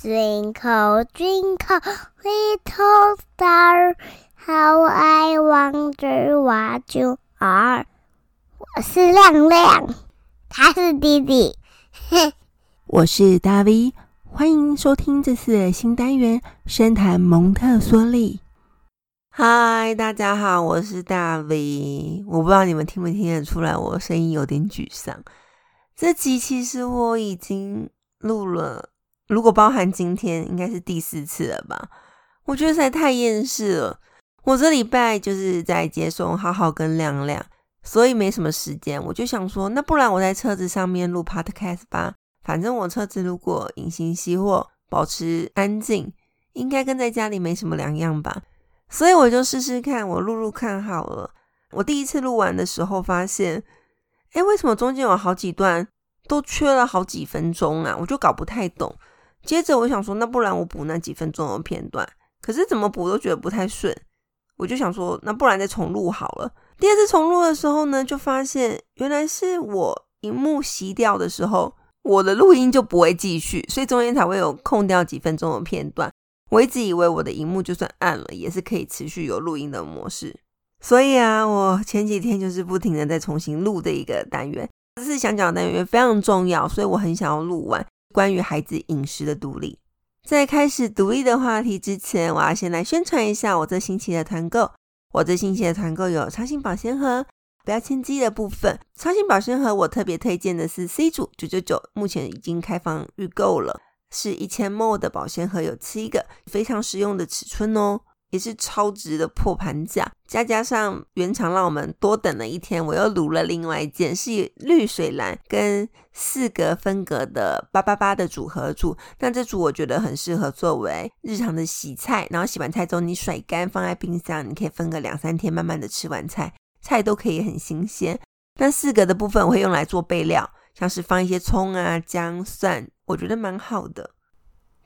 Twinkle, twinkle, little star, how I wonder what you are。我是亮亮，他是弟弟。 我是大 V，歡迎收聽這次的新單元——深談蒙特梭利。嗨，大家好，我是大 V。我不知道你們聽不聽得出來，我聲音有點沮喪。這集其實我已經錄了。如果包含今天，應該是第四次了吧？我覺得實在太厭世了。我這禮拜就是在接送浩浩跟亮亮，所以沒什麼時間。我就想說，那不然我在車子上面錄 podcast 吧，反正我車子如果隱形熄火，保持安靜，應該跟在家裡沒什麼兩樣吧。所以我就試試看，我錄錄看好了。我第一次錄完的時候，發現，哎、欸，為什麼中間有好幾段都缺了好幾分鐘啊？我就搞不太懂。接着我想說，那不然我補那幾分鐘的片段，可是怎麼補都覺得不太順，我就想說，那不然再重錄好了。第二次重錄的時候呢，就發現原來是我熒幕熄掉的時候，我的錄音就不會繼續，所以中間才會有空掉幾分鐘的片段。我一直以為我的熒幕就算暗了，也是可以持續有錄音的模式。所以啊，我前幾天就是不停的在重新錄這一個單元，這次想講的單元非常重要，所以我很想要錄完。關於孩子飲食的獨立，在開始獨立的話題之前，我要先來宣傳一下我這星期的團購。我這星期的團購有超新保鮮盒，不要簽機的部分。超新保鮮盒我特別推薦的是 C 組九九九，9, 目前已經開放預購了，是一千 o 的保鮮盒，有七個，非常實用的尺寸哦。也是超值的破盤價，加加上原廠讓我們多等了一天，我又滷了另外一件，是綠水藍跟四格分隔的八八八的組合組。但這組我覺得很適合作為日常的洗菜，然後洗完菜之後你甩乾放在冰箱，你可以分個兩三天慢慢的吃完菜，菜都可以很新鮮。那四格的部分我會用來做備料，像是放一些蔥啊薑蒜，我覺得蠻好的。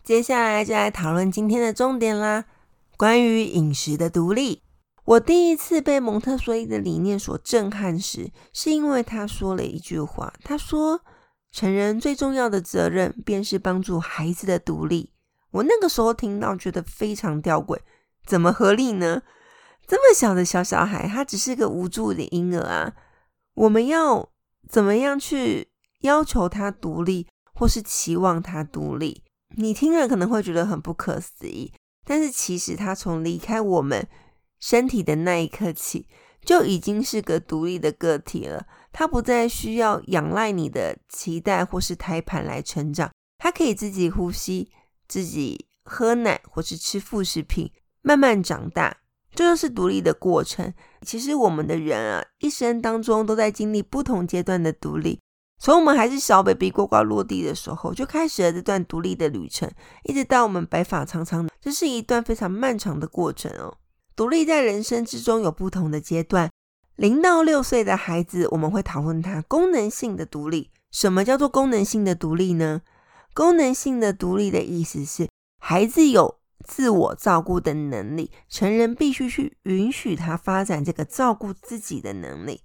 接下來就來討論今天的重點啦。關於飲食的獨立，我第一次被蒙特梭利的理念所震撼時，是因為他說了一句話。他說：“成人最重要的責任便是幫助孩子的獨立。”我那個時候聽到，覺得非常吊詭。怎麼合理呢？這麼小的小小孩，他只是個無助的嬰兒啊！我們要怎麼樣去要求他獨立，或是期望他獨立？你聽了可能會覺得很不可思議。但是其實，它從離開我們身體的那一刻起，就已經是個獨立的個體了。它不再需要仰賴你的臍帶或是胎盤來成長，它可以自己呼吸、自己喝奶或是吃副食品，慢慢長大。這就，就是獨立的過程。其實，我們的人啊，一生當中都在經歷不同階段的獨立。從我們還是小 baby 呱呱落地的時候，就開始了這段獨立的旅程，一直到我們白髮蒼蒼，這是一段非常漫長的過程哦。獨立在人生之中有不同的階段。零到六歲的孩子，我們會討論他功能性的獨立。什麼叫做功能性的獨立呢？功能性的獨立的意思是，孩子有自我照顧的能力，成人必須去允許他發展這個照顧自己的能力。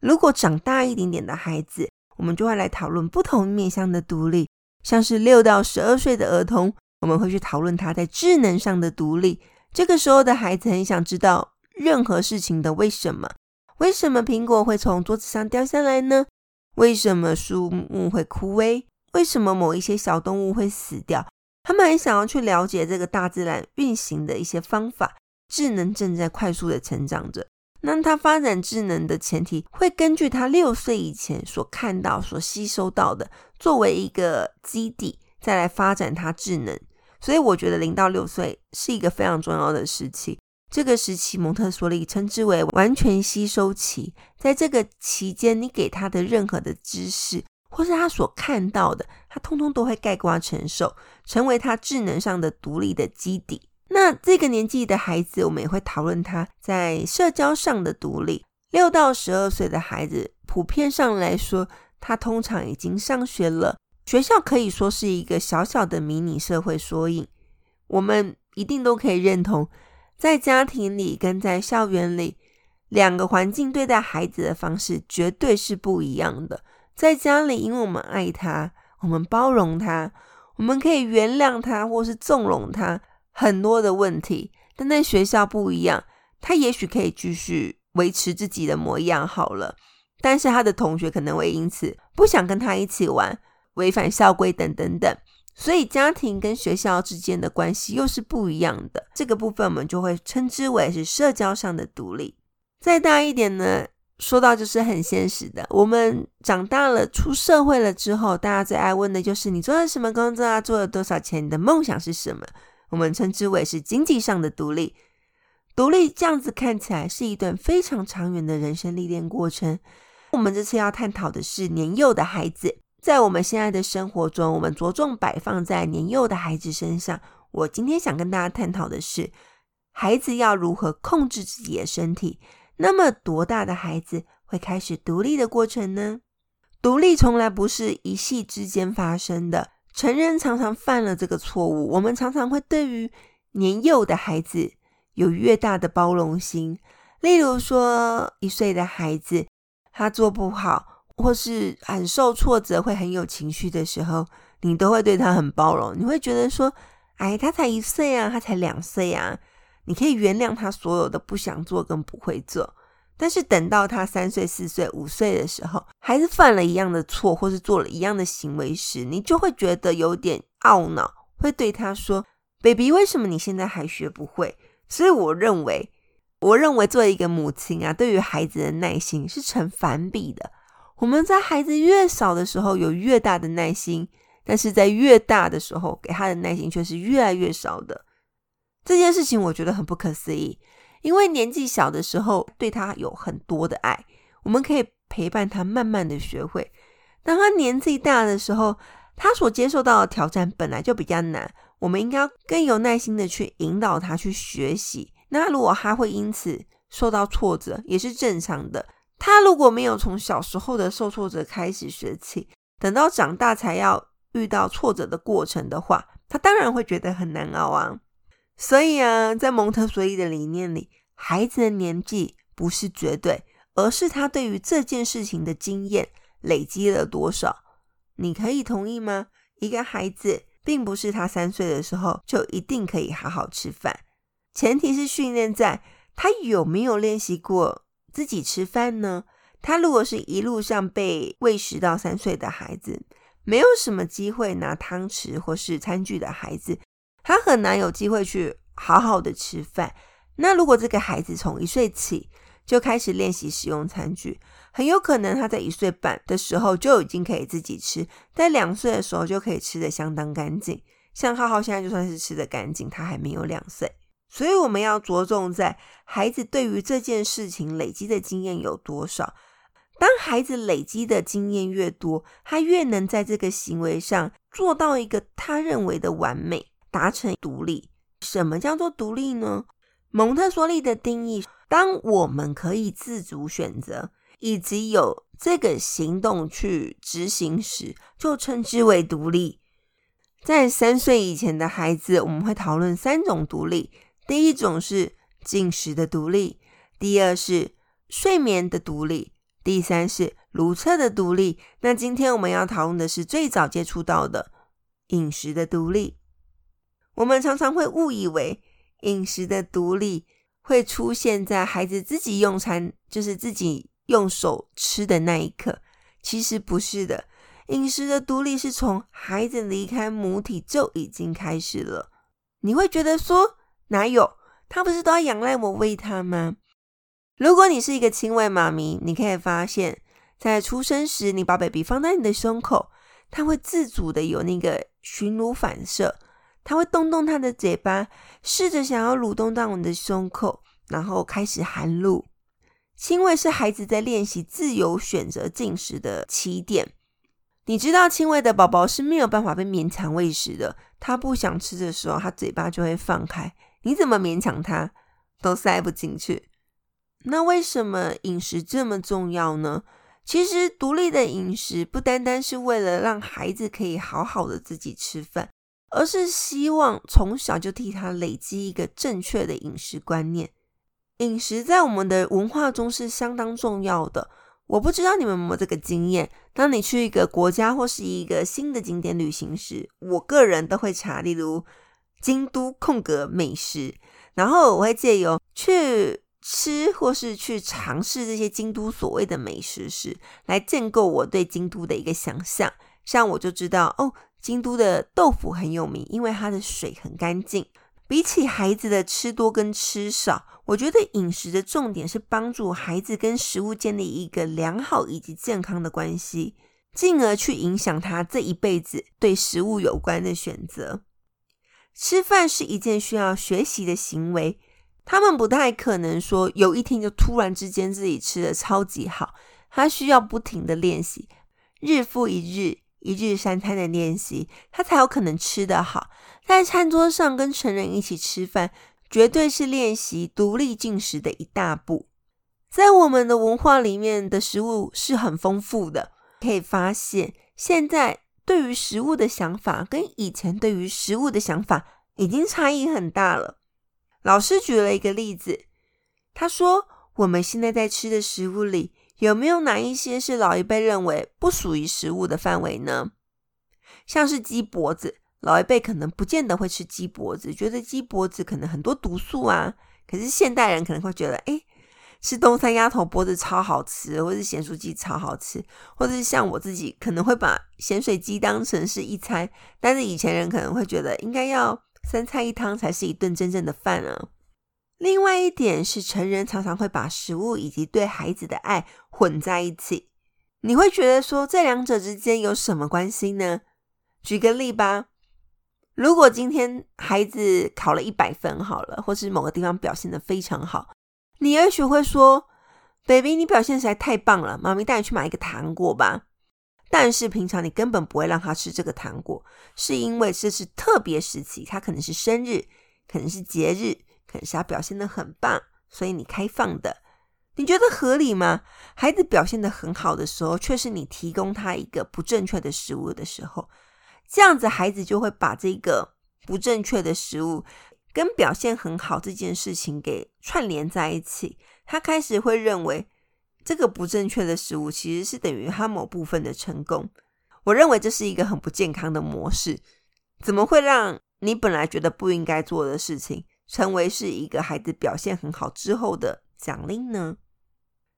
如果長大一點點的孩子，我們就會來討論不同面向的獨立，像是六到十二歲的兒童，我們會去討論他在智能上的獨立。這個時候的孩子很想知道任何事情的為什麼，為什麼蘋果會從桌子上掉下來呢？為什麼樹木會枯萎？為什麼某一些小動物會死掉？他們很想要去了解這個大自然運行的一些方法。智能正在快速的成長着。那他發展智能的前提，會根據他六歲以前所看到、所吸收到的，作為一個基底，再來發展他智能。所以我覺得零到六歲是一個非常重要的時期。這個時期蒙特梭利稱之為完全吸收期，在這個期間，你給他的任何的知識，或是他所看到的，他通通都會概括承受，成為他智能上的獨立的基底。那這個年紀的孩子，我們也會討論他在社交上的獨立。六到十二歲的孩子，普遍上來說，他通常已經上學了。學校可以說是一個小小的迷你社會縮影。我們一定都可以認同，在家庭裡跟在校園裡，兩個環境對待孩子的方式絕對是不一樣的。在家裡，因為我們愛他，我們包容他，我們可以原諒他，或是縱容他。很多的問題，但在學校不一樣，他也許可以繼續維持自己的模樣好了，但是他的同學可能會因此不想跟他一起玩，違反校規等等等，所以家庭跟學校之間的關係又是不一樣的。這個部分我們就會稱之為是社交上的獨立。再大一點呢，說到就是很現實的，我們長大了出社會了之後，大家最愛問的就是你做了什麼工作啊，賺了多少錢，你的夢想是什麼？我們稱之為是經濟上的獨立，獨立這樣子看起來是一段非常長遠的人生歷練過程。我們這次要探討的是年幼的孩子，在我們現在的生活中，我們着重擺放在年幼的孩子身上。我今天想跟大家探討的是，孩子要如何控制自己的身體？那麼多大的孩子會開始獨立的過程呢？獨立從來不是一夕之間發生的。成人常常犯了這個錯誤，我們常常會對於年幼的孩子有越大的包容心。例如說，一歲的孩子他做不好，或是很受挫折，會很有情緒的時候，你都會對他很包容。你會覺得說，哎，他才一歲啊，他才兩歲啊，你可以原諒他所有的不想做跟不會做。但是等到他三歲、四歲、五歲的時候，孩子犯了一樣的錯，或是做了一樣的行為時，你就會覺得有點懊惱，會對他說：“Baby，為什麼你現在還學不會？”所以，我認為，我認為作為一個母親啊，對於孩子的耐心是成反比的。我們在孩子越少的時候，有越大的耐心，但是在越大的時候，給他的耐心卻是越來越少的。這件事情我覺得很不可思議。因為年紀小的時候對他有很多的愛，我們可以陪伴他慢慢的學會。當他年紀大的時候，他所接受到的挑戰本來就比較難，我們應該更有耐心的去引導他去學習。那如果他會因此受到挫折，也是正常的。他如果沒有從小時候的受挫折開始學起，等到長大才要遇到挫折的過程的話，他當然會覺得很難熬啊。所以啊，在蒙特梭利的理念裡，孩子的年紀不是絕對，而是他對於這件事情的經驗累積了多少。你可以同意嗎？一個孩子並不是他三歲的時候就一定可以好好吃飯，前提是訓練在。他有沒有練習過自己吃飯呢？他如果是一路上被餵食到三歲的孩子，沒有什麼機會拿湯匙或是餐具的孩子，他很難有機會去好好的吃飯。那如果這個孩子從一歲起就開始練習使用餐具，很有可能他在一歲半的時候就已經可以自己吃，在兩歲的時候就可以吃得相當乾淨。像浩浩現在就算是吃得乾淨，他還沒有兩歲，所以我們要着重在孩子對於這件事情累積的經驗有多少。當孩子累積的經驗越多，他越能在這個行為上做到一個他認為的完美，達成獨立。什麼叫做獨立呢？蒙特梭利的定義：當我們可以自主選擇，以及有這個行動去執行時，就稱之為獨立。在三歲以前的孩子，我們會討論三種獨立：第一種是進食的獨立，第二是睡眠的獨立，第三是如廁的獨立。那今天我們要討論的是最早接觸到的飲食的獨立。我們常常會誤以為，飲食的獨立會出現在孩子自己用餐，就是自己用手吃的那一刻。其實不是的，飲食的獨立是從孩子離開母體就已經開始了。你會覺得說哪有？他不是都要仰賴我喂他嗎？如果你是一個親喂媽咪，你可以發現，在出生時，你把 baby 放在你的胸口，他會自主的有那個尋乳反射。他會動動他的嘴巴，試着想要蠕動到我們的胸口，然後開始含乳。親餵是孩子在練習自由選擇進食的起點。你知道，親餵的寶寶是沒有辦法被勉強餵食的。他不想吃的時候，他嘴巴就會放開，你怎麼勉強他，都塞不進去。那為什麼飲食這麼重要呢？其實，獨立的飲食不單單是為了讓孩子可以好好的自己吃飯。而是希望從小就替他累積一個正確的飲食觀念。飲食在我們的文化中是相當重要的。我不知道你們有沒有這個經驗？當你去一個國家或是一個新的景點旅行時，我個人都會查，例如京都空格美食，然後我會借由去吃或是去嘗試這些京都所謂的美食時，來建構我對京都的一個想象。像我就知道哦。京都的豆腐很有名，因為它的水很乾淨。比起孩子的吃多跟吃少，我覺得飲食的重點是幫助孩子跟食物建立一個良好以及健康的關係，進而去影響他這一輩子對食物有關的選擇。吃飯是一件需要學習的行為，他們不太可能說有一天就突然之間自己吃的超級好，他需要不停的練習，日復一日。一日三餐的練習，他才有可能吃得好。在餐桌上跟成人一起吃飯，絕對是練習獨立進食的一大步。在我們的文化裡面的食物是很豐富的。可以發現，現在對於食物的想法跟以前對於食物的想法已經差異很大了。老師舉了一個例子，他說我們現在在吃的食物裡。有沒有哪一些是老一輩認為不屬於食物的範圍呢？像是雞脖子，老一輩可能不見得會吃雞脖子，覺得雞脖子可能很多毒素啊。可是現代人可能會覺得，哎、欸，是東山鴨頭脖子超好吃，或者是鹹酥雞超好吃，或者是像我自己可能會把鹹水雞當成是一餐，但是以前人可能會覺得應該要三菜一湯才是一頓真正的飯啊。另外一點是，成人常常會把食物以及對孩子的愛混在一起。你會覺得說這兩者之間有什麼關係呢？舉個例吧，如果今天孩子考了一百分，好了，或是某個地方表現得非常好，你也許會,會說：“Baby，你表現實在太棒了，媽咪帶你去買一個糖果吧。”但是平常你根本不會讓他吃這個糖果，是因為這是特別時期，他可能是生日，可能是節日。可是他表現的很棒，所以你開放的，你覺得合理嗎？孩子表現的很好的時候，卻是你提供他一個不正確的食物的時候，這樣子孩子就會把這個不正確的食物跟表現很好這件事情給串聯在一起。他開始會認為這個不正確的食物其實是等於他某部分的成功。我認為這是一個很不健康的模式。怎麼會讓你本來覺得不應該做的事情？成為是一個孩子表現很好之後的獎勵呢？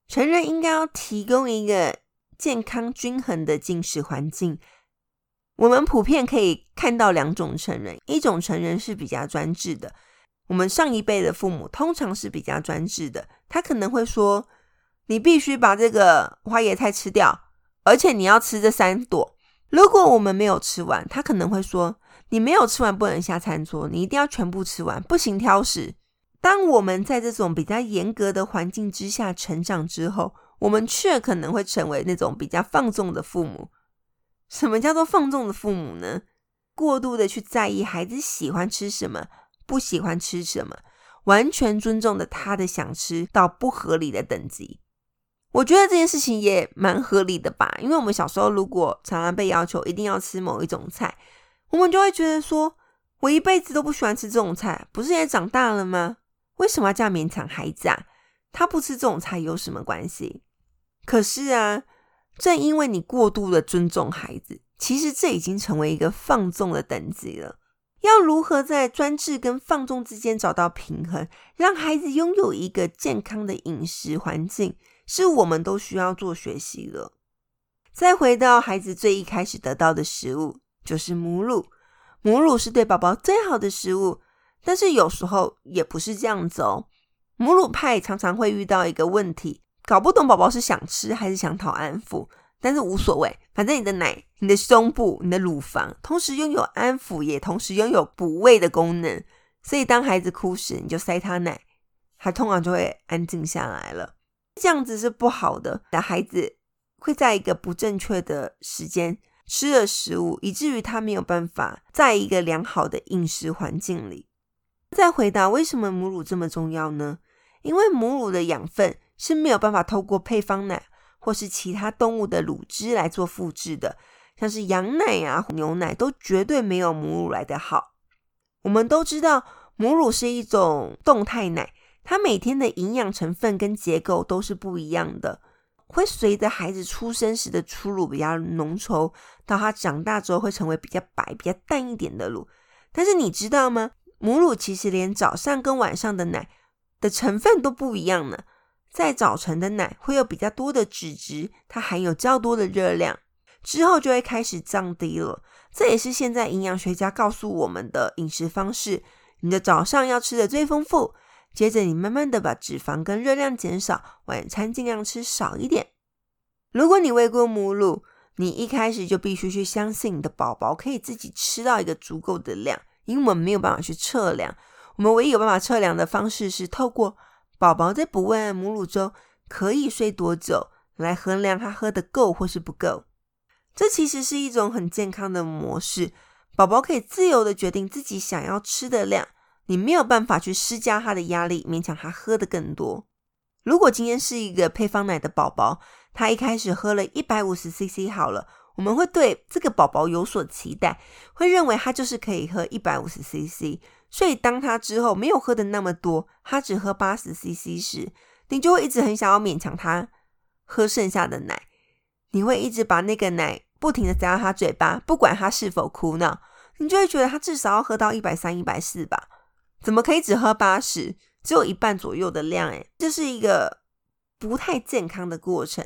成人應該要提供一個健康均衡的進食環境。我們普遍可以看到兩種成人，一種成人是比較專制的。我們上一輩的父母通常是比較專制的，他可能會說：“你必須把這個花椰菜吃掉，而且你要吃這三朵。”如果我們沒有吃完，他可能會說：“你沒有吃完不能下餐桌，你一定要全部吃完，不行挑食。”當我們在這種比較嚴格的環境之下成長之後，我們卻可能會成為那種比較放縱的父母。什麼叫做放縱的父母呢？過度的去在意孩子喜歡吃什麼，不喜歡吃什麼，完全尊重的他的想吃到不合理的等級。我覺得這件事情也蠻合理的吧，因為我們小時候如果常常被要求一定要吃某一種菜，我們就會覺得說，我一輩子都不喜歡吃這種菜，不是也長大了嗎？為什麼要這樣勉強孩子啊？他不吃這種菜有什麼關係？可是啊，正因為你過度的尊重孩子，其實這已經成為一個放縱的等級了。要如何在專制跟放縱之間找到平衡，讓孩子擁有一個健康的飲食環境？是我們都需要做學習的。再回到孩子最一開始得到的食物，就是母乳。母乳是對寶寶最好的食物，但是有時候也不是這樣子哦。母乳派常常會遇到一個問題，搞不懂寶寶是想吃還是想討安撫，但是無所謂，反正你的奶、你的胸部、你的乳房，同時擁有安撫，也同時擁有補胃的功能。所以當孩子哭時，你就塞他奶，他通常就會安靜下來了。這樣子是不好的，那孩子會在一個不正確的時間吃了食物，以至於他沒有辦法在一個良好的飲食環境裡。再回到為什麼母乳這麼重要呢？因為母乳的養分是沒有辦法透過配方奶或是其他動物的乳汁來做複製的，像是羊奶啊、牛奶都絕對沒有母乳來得好。我們都知道，母乳是一種動態奶。它每天的營養成分跟結構都是不一樣的，會隨着孩子出生時的初乳比較濃稠，到他長大之後會成為比較白、比較淡一點的乳。但是你知道嗎？母乳其實連早上跟晚上的奶的成分都不一樣呢。在早晨的奶會有比較多的脂質，它含有較多的熱量，之後就會開始降低了。這也是現在營養學家告訴我們的飲食方式，你的早上要吃的最豐富。接着，你慢慢的把脂肪跟熱量減少，晚餐盡量吃少一點。如果你餵過母乳，你一開始就必須去相信你的寶寶可以自己吃到一個足夠的量，因為我們沒有辦法去測量。我們唯一有辦法測量的方式是透過寶寶在不餵母乳中可以睡多久來衡量他喝的夠或是不夠。這其實是一種很健康的模式，寶寶可以自由的決定自己想要吃的量。你沒有辦法去施加他的壓力，勉強他喝的更多。如果今天是一個配方奶的寶寶，他一開始喝了一百五十 CC 好了，我們會對這個寶寶有所期待，會認為他就是可以喝一百五十 CC。所以當他之後沒有喝的那麼多，他只喝八十 CC 時，你就會一直很想要勉強他喝剩下的奶，你會一直把那個奶不停的塞到他嘴巴，不管他是否哭鬧，你就會覺得他至少要喝到一百三、一百四吧！怎麼可以只喝八十？只有一半左右的量誒？這是一個不太健康的過程。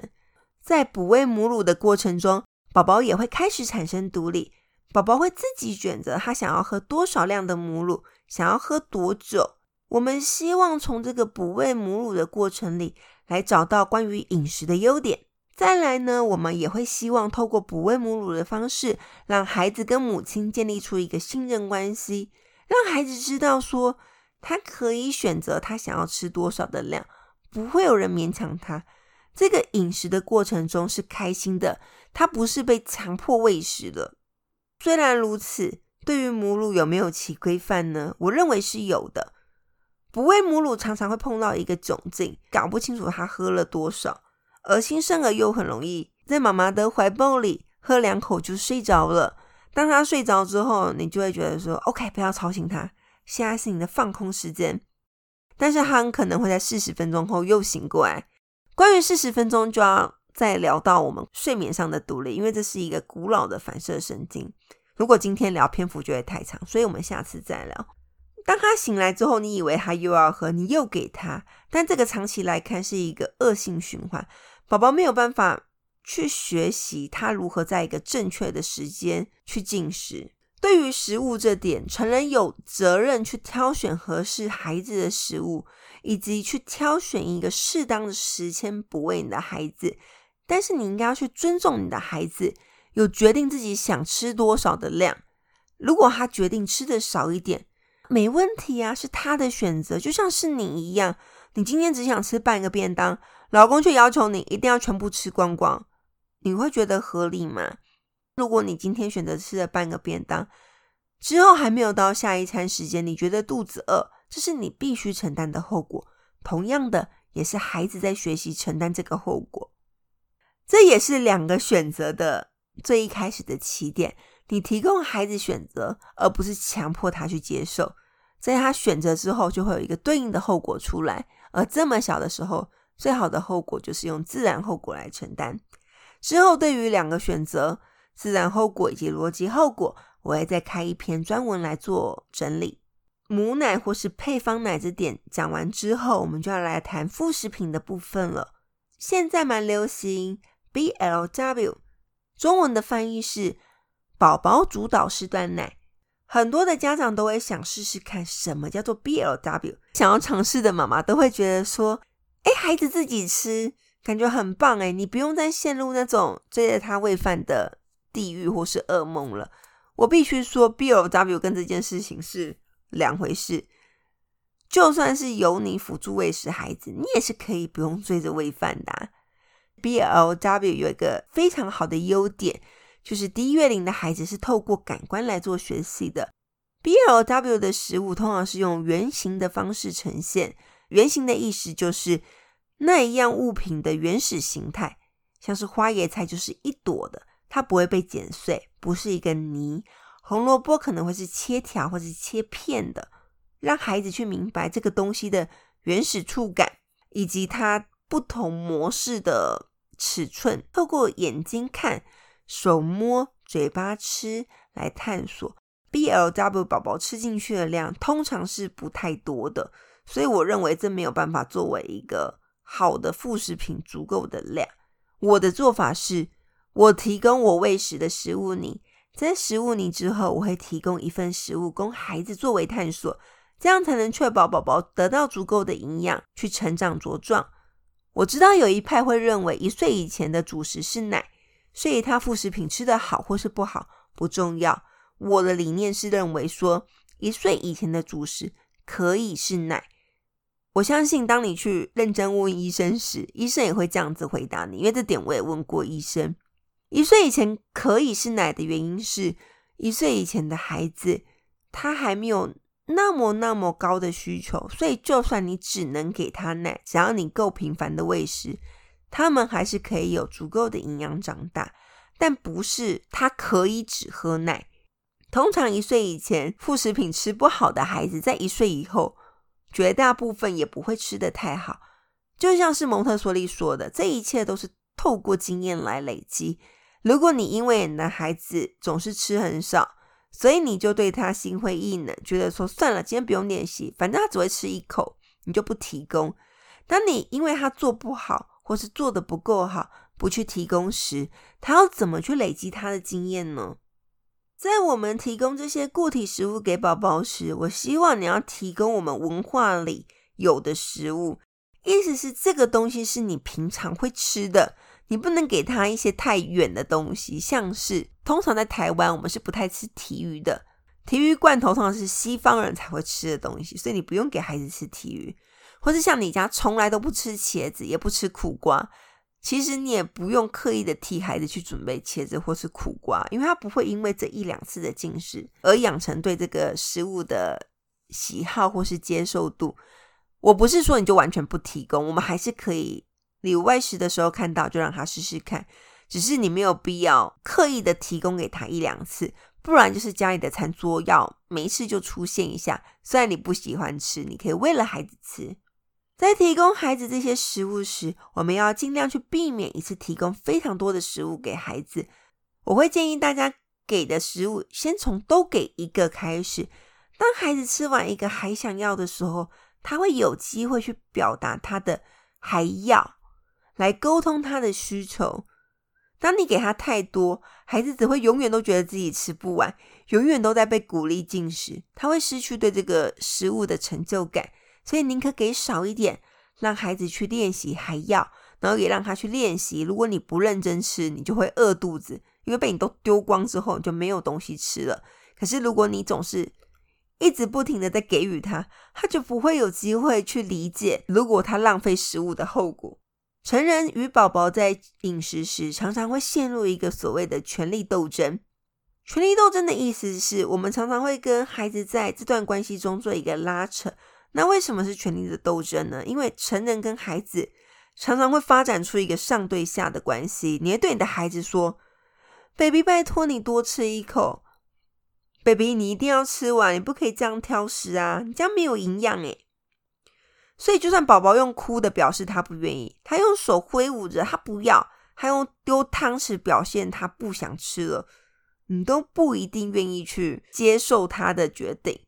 在哺餵母乳的過程中，寶寶也會開始產生獨立，寶寶會自己選擇他想要喝多少量的母乳，想要喝多久。我們希望從這個哺餵母乳的過程裡來找到關於飲食的優點。再來呢，我們也會希望透過哺餵母乳的方式，讓孩子跟母親建立出一個信任關係。讓孩子知道說，說他可以選擇他想要吃多少的量，不會有人勉強他。這個飲食的過程中是開心的，他不是被強迫餵食的。雖然如此，對於母乳有沒有其規範呢？我認為是有的。不餵母乳常常會碰到一個窘境，搞不清楚他喝了多少，而新生兒又很容易在媽媽的懷抱裡喝兩口就睡着了。當他睡着之後，你就會覺得說：“OK，不要吵醒他，現在是你的放空時間。”但是他很可能會在四十分鐘後又醒過來。關於四十分鐘，就要再聊到我們睡眠上的獨立，因為這是一個古老的反射神經。如果今天聊篇幅就會太長，所以我們下次再聊。當他醒來之後，你以為他又要喝，你又給他，但這個長期來看是一個惡性循環，寶寶沒有辦法。去學習他如何在一個正確的時間去進食。對於食物這點，成人有責任去挑選合適孩子的食物，以及去挑選一個適當的時間哺餵你的孩子。但是你應該要去尊重你的孩子，有決定自己想吃多少的量。如果他決定吃得少一點，沒問題啊，是他的選擇，就像是你一樣，你今天只想吃半個便當，老公卻要求你一定要全部吃光光。你會覺得合理嗎？如果你今天選擇吃了半個便當，之後還沒有到下一餐時間，你覺得肚子餓，這是你必須承擔的後果。同樣的，也是孩子在學習承擔這個後果。這也是兩個選擇的最一開始的起點。你提供孩子選擇，而不是強迫他去接受，在他選擇之後，就會有一個對應的後果出來。而這麼小的時候，最好的後果就是用自然後果來承擔。之後，對於兩個選擇，自然後果以及邏輯後果，我會再開一篇專文來做整理。母奶或是配方奶這點講完之後，我們就要來談副食品的部分了。現在蠻流行 BLW，中文的翻譯是寶寶主導式斷奶。很多的家長都會想試試看什麼叫做 BLW。想要嘗試的媽媽都會覺得說：“誒，孩子自己吃。”感覺很棒、欸、你不用再陷入那種追着他餵飯的地獄或是噩夢了。我必須說，BLW 跟這件事情是兩回事。就算是由你輔助餵食孩子，你也是可以不用追着餵飯的、啊。BLW 有一個非常好的優點，就是低月齡的孩子是透過感官來做學習的。BLW 的食物通常是用原型的方式呈現，原型的意思就是。那一樣物品的原始形態，像是花椰菜就是一朵的，它不會被剪碎，不是一個泥。紅蘿蔔可能會是切條或是切片的，讓孩子去明白這個東西的原始觸感以及它不同模式的尺寸。透過眼睛看，手摸，嘴巴吃，來探索。BLW 寶寶吃進去的量通常是不太多的，所以我認為這沒有辦法作為一個。好的副食品足夠的量，我的做法是，我提供我餵食的食物泥，在食物泥之後，我會提供一份食物供孩子作為探索，這樣才能確保寶寶得到足夠的營養去成長茁壯，我知道有一派會認為一歲以前的主食是奶，所以他副食品吃得好或是不好不重要。我的理念是認為說，一歲以前的主食可以是奶。我相信，當你去認真問醫生時，醫生也會這樣子回答你，因為這點我也問過醫生。一歲以前可以吃奶的原因是，一歲以前的孩子他還沒有那麼那麼高的需求，所以就算你只能給他奶，只要你夠頻繁的餵食，他們還是可以有足夠的營養長大。但不是他可以只喝奶。通常一歲以前副食品吃不好的孩子，在一歲以後，絕大部分也不會吃得太好，就像是蒙特梭利說的，這一切都是透過經驗來累積。如果你因為你的孩子總是吃很少，所以你就對他心灰意冷，覺得說算了，今天不用練習，反正他只會吃一口，你就不提供。當你因為他做不好，或是做得不夠好，不去提供時，他要怎麼去累積他的經驗呢？在我們提供這些固體食物給寶寶時，我希望你要提供我們文化裡有的食物，意思是這個東西是你平常會吃的，你不能給他一些太遠的東西，像是通常在台灣我們是不太吃鯷魚的，鯷魚罐頭通常是西方人才會吃的東西，所以你不用給孩子吃鯷魚，或是像你家從來都不吃茄子，也不吃苦瓜。其實你也不用刻意的替孩子去準備茄子或是苦瓜，因為他不會因為這一兩次的進食而養成對這個食物的喜好或是接受度。我不是說你就完全不提供，我們還是可以，你外食的時候看到就讓他試試看，只是你沒有必要刻意的提供給他一兩次，不然就是家裡的餐桌要每一次就出現一下。雖然你不喜歡吃，你可以為了孩子吃。在提供孩子這些食物時，我們要盡量去避免一次提供非常多的食物給孩子。我會建議大家給的食物先從都給一個開始。當孩子吃完一個還想要的時候，他會有機會去表達他的還要，來溝通他的需求。當你給他太多，孩子只會永遠都覺得自己吃不完，永遠都在被鼓勵進食，他會失去對這個食物的成就感。所以寧可給少一點，讓孩子去練習，還要，然後也讓他去練習。如果你不認真吃，你就會餓肚子，因為被你都丟光之後，你就沒有東西吃了。可是如果你總是一直不停的在給予他，他就不會有機會去理解，如果他浪費食物的後果。成人與寶寶在飲食時，常常會陷入一個所謂的權力鬥爭。權力鬥爭的意思是我們常常會跟孩子在這段關係中做一個拉扯。那為什麼是權力的鬥爭呢？因為成人跟孩子常常會發展出一個上對下的關係。你會對你的孩子說：“baby，拜託你多吃一口，baby，你一定要吃完，你不可以這樣挑食啊，你這樣沒有營養誒。”所以，就算寶寶用哭的表示他不願意，他用手揮舞着，他不要，他用丟湯匙表現他不想吃了，你都不一定願意去接受他的決定。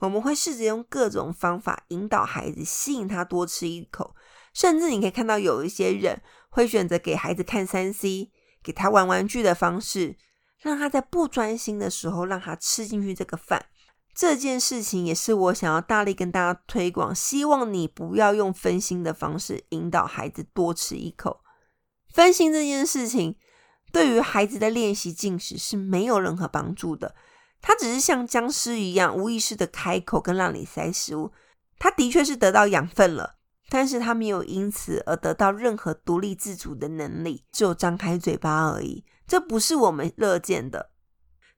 我們會試着用各種方法引導孩子，吸引他多吃一口。甚至你可以看到有一些人會選擇給孩子看 3C，給他玩玩具的方式，讓他在不專心的時候讓他吃進去這個飯。這件事情也是我想要大力跟大家推廣，希望你不要用分心的方式引導孩子多吃一口。分心這件事情對於孩子的練習進食是沒有任何幫助的。它只是像僵屍一樣無意識的開口，跟讓你塞食物。它的確是得到養分了，但是它沒有因此而得到任何獨立自主的能力，只有張開嘴巴而已。這不是我們樂見的。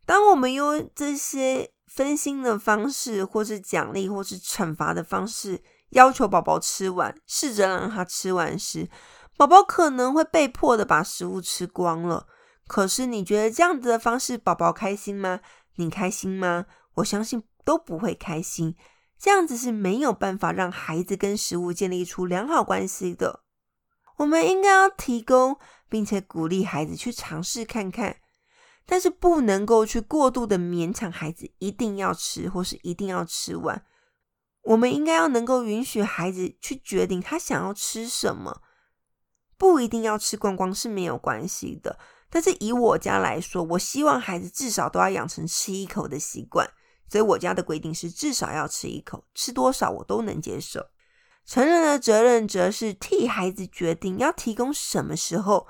當我們用這些分心的方式，或是獎勵，或是懲罰的方式，要求寶寶吃完，試着讓他吃完時，寶寶可能會被迫的把食物吃光了。可是你覺得這樣子的方式，寶寶開心嗎？你開心嗎？我相信都不會開心。這樣子是沒有辦法讓孩子跟食物建立出良好關係的。我們應該要提供，並且鼓勵孩子去嘗試看看，但是不能夠去過度的勉強孩子一定要吃，或是一定要吃完。我們應該要能夠允許孩子去決定他想要吃什麼。不一定要吃光光是沒有關係的。但是以我家來說，我希望孩子至少都要養成吃一口的習慣，所以我家的規定是至少要吃一口，吃多少我都能接受。成人的責任則是替孩子決定要提供什麼時候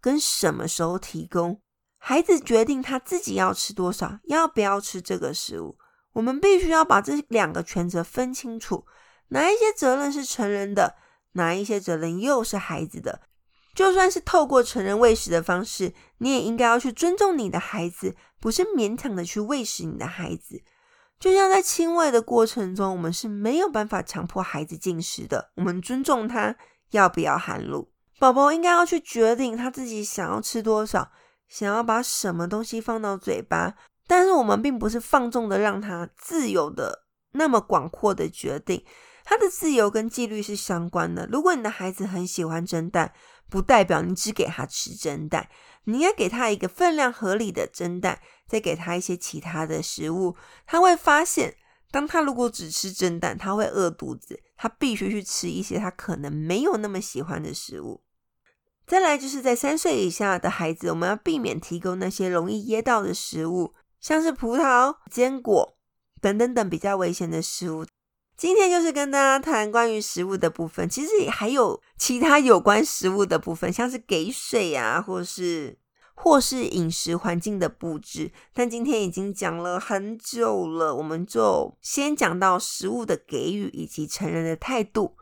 跟什麼時候提供，孩子決定他自己要吃多少，要不要吃這個食物。我們必須要把這兩個權責分清楚，哪一些責任是成人的，哪一些責任又是孩子的。就算是透過成人餵食的方式，你也應該要去尊重你的孩子，不是勉強的去餵食你的孩子。就像在親餵的過程中，我們是沒有辦法強迫孩子進食的，我們尊重他要不要含乳。寶寶應該要去決定他自己想要吃多少，想要把什麼東西放到嘴巴。但是我們並不是放縱的讓他自由的那麼廣闊的決定，他的自由跟紀律是相關的。如果你的孩子很喜歡蒸蛋，不代表你只給他吃蒸蛋，你應該給他一個分量合理的蒸蛋，再給他一些其他的食物，他會發現，當他如果只吃蒸蛋，他會餓肚子，他必須去吃一些他可能沒有那麼喜歡的食物。再來就是在三歲以下的孩子，我們要避免提供那些容易噎到的食物，像是葡萄、堅果等等等比較危險的食物。今天就是跟大家談關於食物的部分，其實還有其他有關食物的部分，像是給水啊，或是或是飲食環境的布置。但今天已經講了很久了，我們就先講到食物的給予以及成人的態度。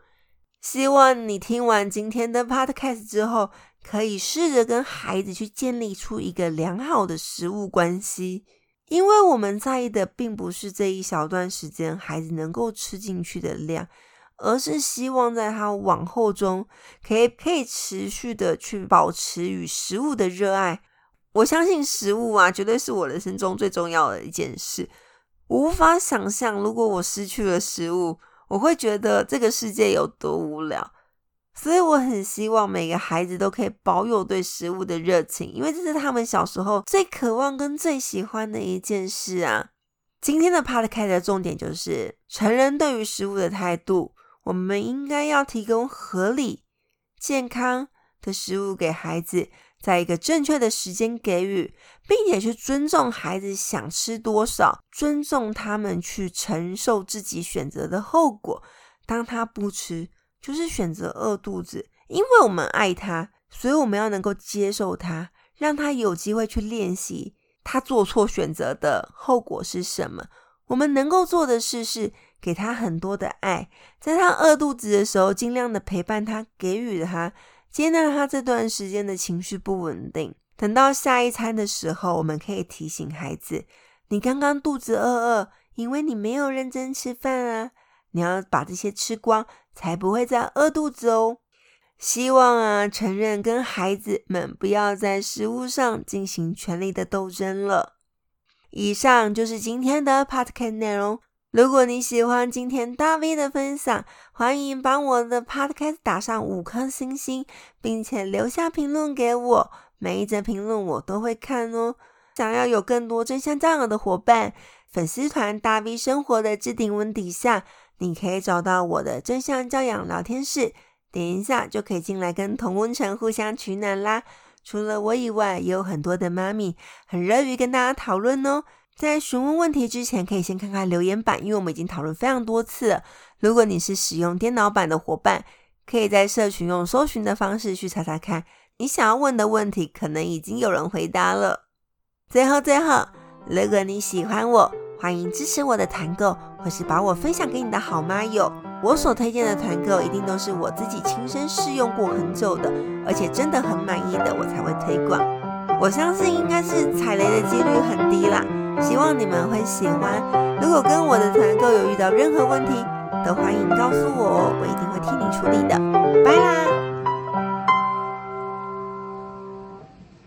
希望你聽完今天的 Podcast 之後，可以試着跟孩子去建立出一個良好的食物關係。因為我們在意的並不是這一小段時間孩子能夠吃進去的量，而是希望在他往後中可以可以持續的去保持與食物的熱愛。我相信食物啊，絕對是我人生中最重要的一件事。無法想象，如果我失去了食物，我會覺得這個世界有多無聊。所以我很希望每個孩子都可以保有對食物的熱情，因為這是他們小時候最渴望跟最喜歡的一件事啊。今天的 podcast 的重點就是成人對於食物的態度，我們應該要提供合理、健康的食物給孩子，在一個正確的時間給予，並且去尊重孩子想吃多少，尊重他們去承受自己選擇的後果。當他不吃。就是選擇餓肚子，因為我們愛他，所以我們要能夠接受他，讓他有機會去練習他做錯選擇的後果是什麼。我們能夠做的事是給他很多的愛，在他餓肚子的時候，盡量的陪伴他，給予他，接納他這段時間的情緒不穩定。等到下一餐的時候，我們可以提醒孩子：“你剛剛肚子餓餓，因為你沒有認真吃飯啊。”你要把這些吃光，才不會再餓肚子哦。希望啊，成人跟孩子們不要在食物上進行權力的鬥爭了。以上就是今天的 podcast 內容。如果你喜歡今天大 V 的分享，歡迎把我的 podcast 打上五顆星星，並且留下評論給我。每一則評論我都會看哦。想要有更多真相賬號的夥伴，粉絲團大 V 生活的置頂文底下。你可以找到我的真相教養聊天室，點一下就可以進來跟同溫層互相取暖啦。除了我以外，也有很多的媽咪很樂於跟大家討論哦。在詢問問題之前，可以先看看留言板，因為我們已經討論非常多次了。如果你是使用電腦版的夥伴，可以在社群用搜尋的方式去查查看，你想要問的問題可能已經有人回答了。最後，最後，如果你喜歡我。歡迎支持我的團購，或是把我分享給你的好媽友。我所推薦的團購一定都是我自己親身試用過很久的，而且真的很滿意的，我才會推廣。我相信應該是踩雷的幾率很低啦，希望你們會喜歡。如果跟我的團購有遇到任何問題，都歡迎告訴我哦，我一定會替你處理的。拜啦！